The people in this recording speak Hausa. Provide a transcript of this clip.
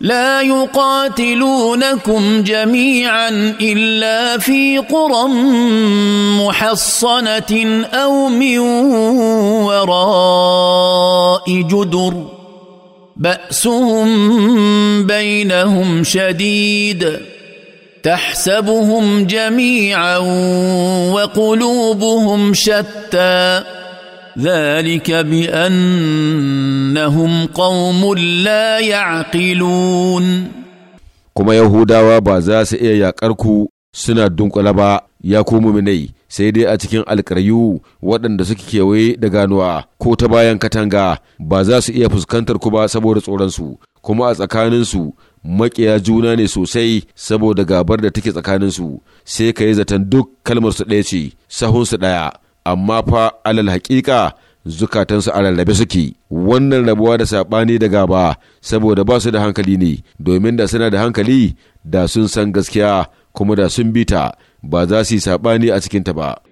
لا يقاتلونكم جميعا الا في قرى محصنه او من وراء جدر باسهم بينهم شديد تحسبهم جميعا وقلوبهم شتى ذلك بأنهم قوم لا يعقلون kuma Yahudawa ba za su iya yaƙar ku suna dunƙula ba ya ku muminai sai dai a cikin alƙaryu waɗanda suke kewaye da ganuwa ko ta bayan katanga ba za su iya fuskantar ku ba saboda tsoronsu kuma a tsakaninsu maƙiya juna ne sosai saboda gabar da take tsakaninsu sai ka yi zaton duk kalmarsu ɗaya ce sahunsu ɗaya amma fa alal haƙiƙa zukatansu a rarrabe suke wannan rabuwa da saɓani da gaba saboda ba su da hankali ne domin da suna da hankali da sun san gaskiya kuma da sun bita ba za su yi saɓani a cikinta ba